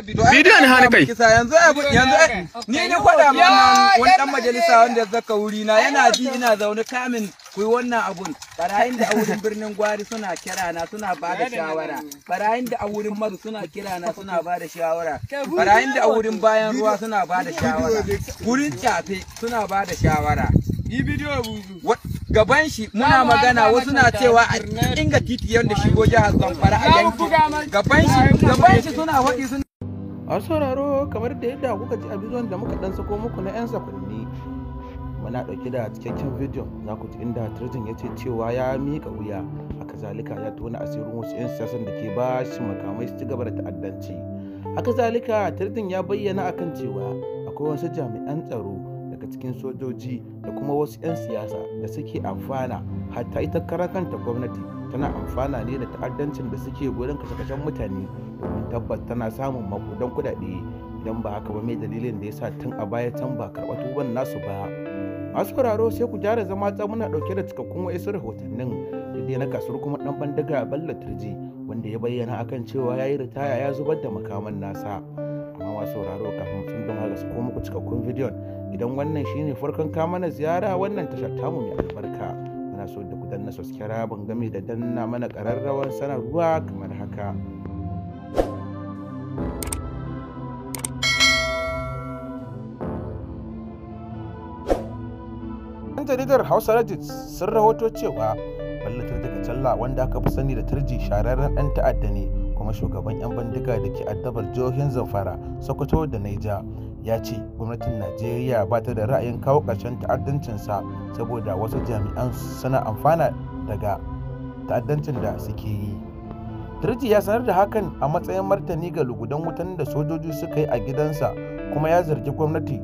bidiyon hannu kai yanzu ni ne kwada ma wani dan majalisa wanda ya zaka wuri na yana ji ina zaune kamin kuyi wannan abun barayin da a wurin birnin gwari suna kira na suna ba da shawara barayin da a wurin maru suna kira na suna ba da shawara barayin da a wurin bayan ruwa suna ba da shawara wurin cafe suna ba da shawara gaban shi muna magana wasu na cewa a inga titi da shigo jihar zamfara a yanki gaban shi suna shi suna masu sauraro kamar da yadda kuka ji a bidiyon da muka dan sako muku na 'yan sakwanni muna dauke da cikakken bidiyon za ku ji inda turjin ya ce cewa ya mika wuya a kazalika ya tona asirin wasu 'yan siyasan da ke ba shi makamai su ci gaba da ta'addanci a kazalika turjin ya bayyana akan cewa akwai wasu jami'an tsaro daga cikin sojoji da kuma wasu 'yan siyasa da suke amfana hatta ita karakanta gwamnati tana amfana ne da ta'addancin da suke gurin kashe-kashen mutane domin tabbas tana samun makudan kuɗaɗe idan ba haka ba mai dalilin da ya sa tun a baya can ba karɓa tuban nasu ba masu sauraro sai ku gyara zama ta muna ɗauke da cikakkun wa'isu rahotannin daidai na kasuwar kuma ɗan bandaga balla turji wanda ya bayyana akan cewa ya yi ritaya ya zubar da makaman nasa amma masu sauraro kafin sun gama da su ku cikakkun bidiyon idan wannan shine farkon kamana ziyara wannan tashar tamu mai albarka ana so da ku danna subscribe game da danna mana ƙararrawar sanarwa kamar haka yan jaridar hausa reddit sun rahoto cewa ballatar daga talla wanda aka fi sani da tarji shararren ɗan ta'adda ne kuma shugaban 'yan bindiga da ke addabar jihohin zamfara sokoto da naija ya ce gwamnatin najeriya ba ta da ra'ayin kawo ƙarshen ta'addancinsa saboda wasu jami'an suna amfana daga ta'addancin da suke yi turji ya sanar da hakan a matsayin martani ga lugudan wutan da sojoji suka yi a gidansa kuma ya zargi gwamnati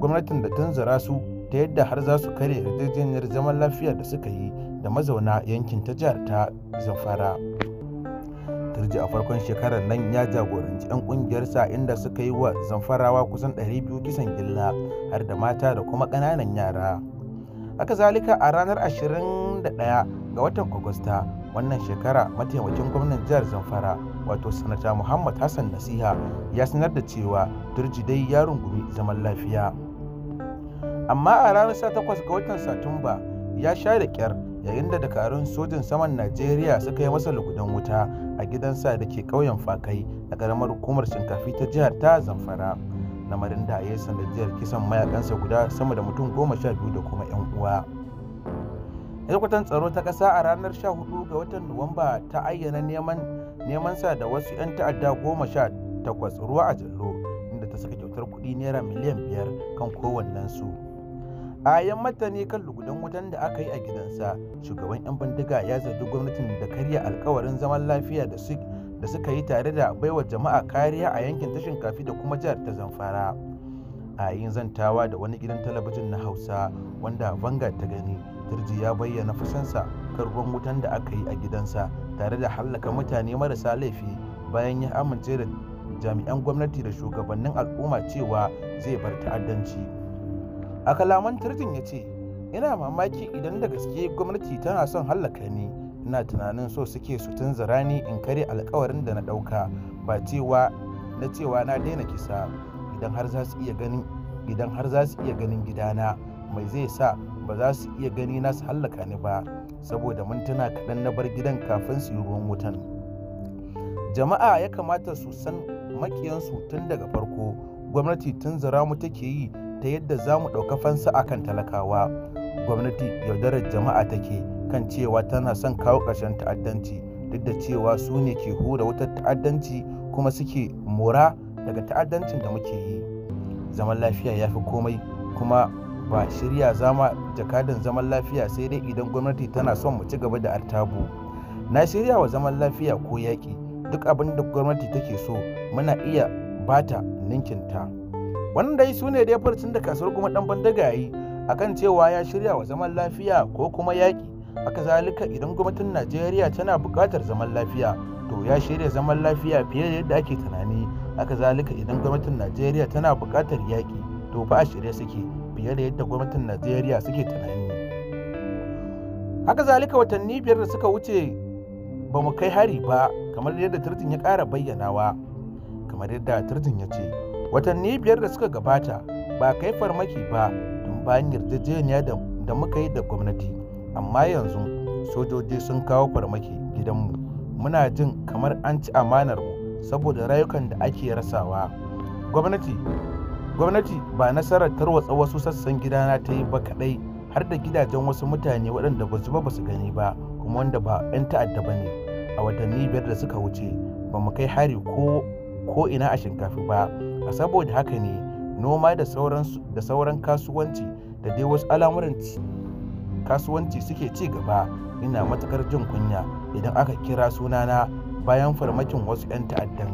gwamnatin da tunzura su ta yadda har za su kare yarjejeniyar zaman lafiya da suka yi da mazauna yankin ta jihar ta zamfara Turji a farkon shekarar nan ya jagoranci 'yan ƙungiyarsa inda suka yi wa zamfarawa kusan 200 kisan gilla har da mata da kuma ƙananan yara. Haka zalika a ranar 21 ga watan Agusta wannan shekara mataimakin gwamnan jihar Zamfara wato sanata Muhammad Hassan Nasiha ya sanar da cewa Turji dai ya rungumi zaman lafiya. Amma a ranar 18 ga watan Satumba ya sha da kyar yayin da dakarun sojin saman najeriya suka yi masa lugudan wuta a gidansa da ke ƙauyen fakai a ƙaramar hukumar shinkafi ta jihar ta zamfara lamarin da ya sanda jihar kisan mayakansa guda sama da mutum goma sha biyu da kuma yan uwa hedkwatan tsaro ta ƙasa a ranar 14 ga watan nuwamba ta ayyana neman sa da wasu 'yan ta'adda goma sha takwas ruwa a jallo inda ta saka kyautar kuɗi naira miliyan biyar kan kowannensu a yan matani kan lugudan wutan da aka yi a gidansa shugaban 'yan bindiga ya zargi gwamnatin da karya alkawarin zaman lafiya da su da suka yi tare da baiwa jama'a kariya a yankin tashin kafi da kuma jihar ta zamfara a yin zantawa da wani gidan talabijin na hausa wanda vanga ta gani turji ya bayyana fusansa kan ruwan wutan da aka yi a gidansa tare da hallaka mutane marasa laifi bayan ya amince da jami'an gwamnati da shugabannin al'umma cewa zai bar ta'addanci a kalaman turjin ya ce ina mamaki idan da gaske gwamnati tana son hallaka ni ina tunanin so suke su tunzura ni in kare alkawarin da na ɗauka ba cewa na cewa na daina kisa idan har za su iya ganin idan har za su iya ganin gidana mai zai sa ba za su iya gani na su hallaka ni ba saboda mintuna kaɗan na bar gidan kafin su yi ruwan wutan jama'a ya kamata su san makiyansu tun daga farko gwamnati tun zira mu take yi ta yadda za mu ɗauka fansa akan talakawa gwamnati yaudarar jama'a take kan cewa tana son kawo ƙarshen ta'addanci duk da cewa su ne ke hura wutar ta'addanci kuma suke mora daga ta'addancin da muke yi zaman lafiya ya fi komai kuma ba shirya zama jakadan zaman lafiya sai dai idan gwamnati tana son mu ci gaba da artabu na shirya wa zaman lafiya ko yaƙi duk abin da gwamnati take so muna iya bata ninkinta wannan dai su ne dai farcin da kasuwar kuma dan yi a akan cewa ya shirya wa zaman lafiya ko kuma yaƙi haka zalika idan gwamnatin najeriya tana buƙatar zaman lafiya to ya shirya zaman lafiya fiye da yadda ake tunani haka zalika idan gwamnatin najeriya tana buƙatar yaƙi to ba a shirye suke fiye da yadda gwamnatin najeriya suke tunani haka zalika watanni biyar da suka wuce ba mu kai hari ba kamar yadda turjin ya ƙara bayyanawa kamar yadda turjin ya ce watanni biyar da suka gabata ba kai farmaki ba tun bayan yarjejeniya da muka yi da gwamnati amma yanzu sojoji sun kawo farmaki gidanmu muna jin kamar an ci amanar mu saboda rayukan da ake rasawa gwamnati gwamnati ba nasarar tarwatsa wasu sassan gidana ta yi ba kadai har da gidajen wasu mutane waɗanda ba su ba su gani ba kuma wanda ba 'yan ta'adda ba ne a watanni biyar da suka wuce ba mu kai hari ko ina a shinkafi ba a saboda haka ne noma da sauran kasuwanci da dai wasu al'amuran kasuwanci suke ci gaba ina matuƙar jin kunya idan aka kira sunana bayan farmakin wasu 'yan ta'addan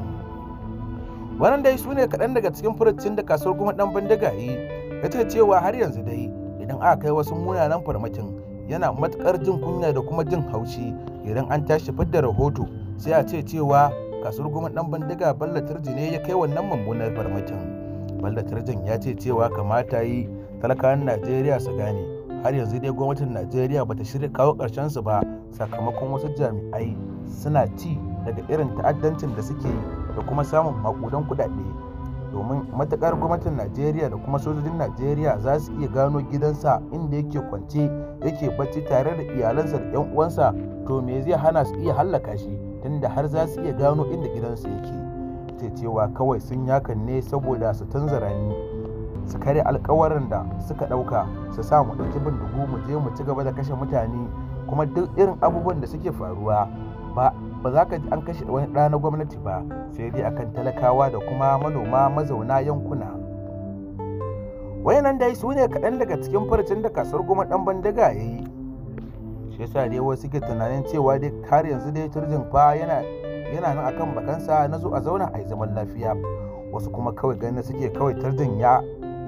wannan dai su ne kaɗan daga cikin furucin da kasuwar kuma ɗan bindiga yi ya ce cewa har yanzu dai idan aka kai wasu munanan farmakin yana matuƙar jin kunya da kuma jin haushi idan an tashi fidda rahoto sai a ce cewa kasuwar goma dan bandiga balla turji ne ya kai wannan mummunar farmakin balla turjin ya ce cewa kamata yi talakawan najeriya su gane har yanzu dai gwamnatin najeriya bata shirya kawo karshen su ba sakamakon wasu jami'ai suna ci daga irin ta'addancin da suke da kuma samun makudan kudade domin matakar gwamnatin najeriya da kuma sojojin najeriya za su iya gano gidansa inda yake kwance yake bacci tare da iyalansa da 'yan uwansa to me zai hana su iya hallaka shi inda har za su iya gano inda gidansu yake ce cewa kawai sun yakan ne saboda su canza ni su kare alkawarin da suka ɗauka su sa mu ɗauki bindigu mu je mu ci gaba da kashe mutane kuma duk irin abubuwan da suke faruwa ba ba za ka ji an kashe wani ɗa gwamnati ba sai dai akan talakawa da kuma manoma mazauna yankuna wayannan dai su ne kaɗan daga cikin farcin da kasuwar goma ɗan bandaga ya yi shi yasa dai wasu suke tunanin cewa dai har yanzu dai turjin fa yana yana nan akan bakansa na zo a zauna a yi zaman lafiya wasu kuma kawai ganin suke kawai turjin ya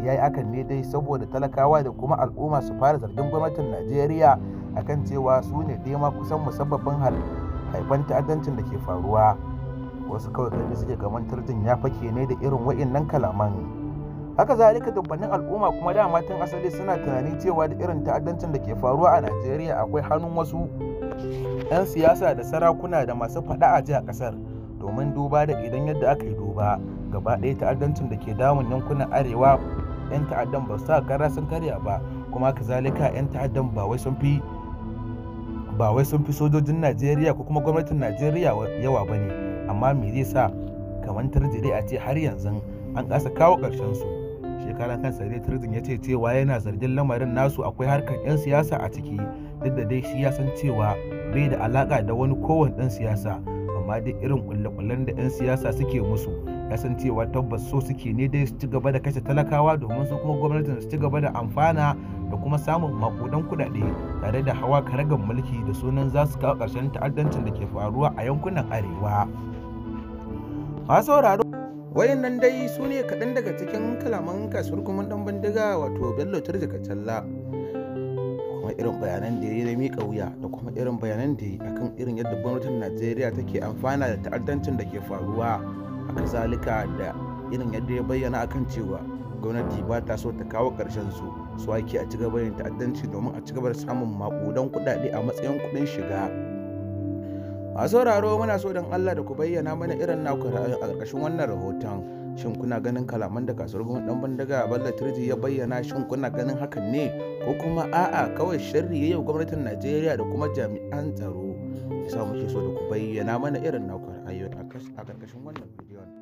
ya yi akan ne dai saboda talakawa da kuma al'umma su fara zargin gwamnatin najeriya akan cewa su ne dai ma kusan musabbabin haifan ta'addancin da ke faruwa wasu kawai ganin suke kamar turjin ya fake ne da irin wa'innan kalaman haka zalika dubbanin al'umma kuma da matan asali suna tunanin cewa da irin ta'addancin da ke faruwa a najeriya akwai hannun wasu 'yan siyasa da sarakuna da masu faɗa a jiya kasar ƙasar domin duba da idan yadda aka yi duba gaba ɗaya ta'addancin da ke damun yankunan arewa 'yan ta'addan ba su kara sun karya ba kuma zalika 'yan ta'addan ba wai sun fi ba wai sun fi sojojin najeriya ko kuma gwamnatin najeriya yawa ba ne amma me zai sa kamar tarjire a ce har yanzu an kasa kawo ƙarshen su kala kansa dai turzin ya ce cewa yana zargin lamarin nasu akwai harkar 'yan siyasa a ciki duk da dai shi ya san cewa bai da alaka da wani kowane dan siyasa amma dai irin kulle-kullen da 'yan siyasa suke musu ya san cewa tabbas so suke ne dai su ci gaba da kashe talakawa domin su kuma gwamnatin su ci gaba da amfana da kuma samun makudan kudade tare da hawa karagan mulki da sunan za su kawo ƙarshen ta'addancin da ke faruwa a yankunan arewa. Masu sauraro nan dai su ne kaɗan daga cikin kalaman kasuwar kuma ɗan bindiga wato bello turji kacalla kuma irin bayanan da ya yi miƙa wuya da kuma irin bayanan da ya yi akan irin yadda gwamnatin najeriya take amfana da ta'addancin da ke faruwa a kazalika da irin yadda ya bayyana akan cewa gwamnati ba ta so ta kawo ƙarshen su su ake a ci gaba ta'addanci domin a ci gaba da samun maƙudan kuɗaɗe a matsayin kuɗin shiga a sauraro muna so don Allah da ku bayyana mana irin naku ra'ayin a ƙarƙashin wannan rahoton shin kuna ganin kalaman da kasuwar gwamnati dan bandaga balla turji ya bayyana shin kuna ganin hakan ne ko kuma a'a kawai sharri yayin gwamnatin Najeriya da kuma jami'an tsaro yasa muke so da ku bayyana mana irin naku ra'ayoyi a ƙarƙashin wannan bidiyon